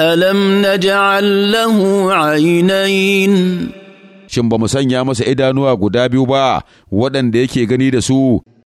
ألم نجعل له عينين shin ba mu sanya masa idanuwa guda biyu ba waɗanda yake gani da su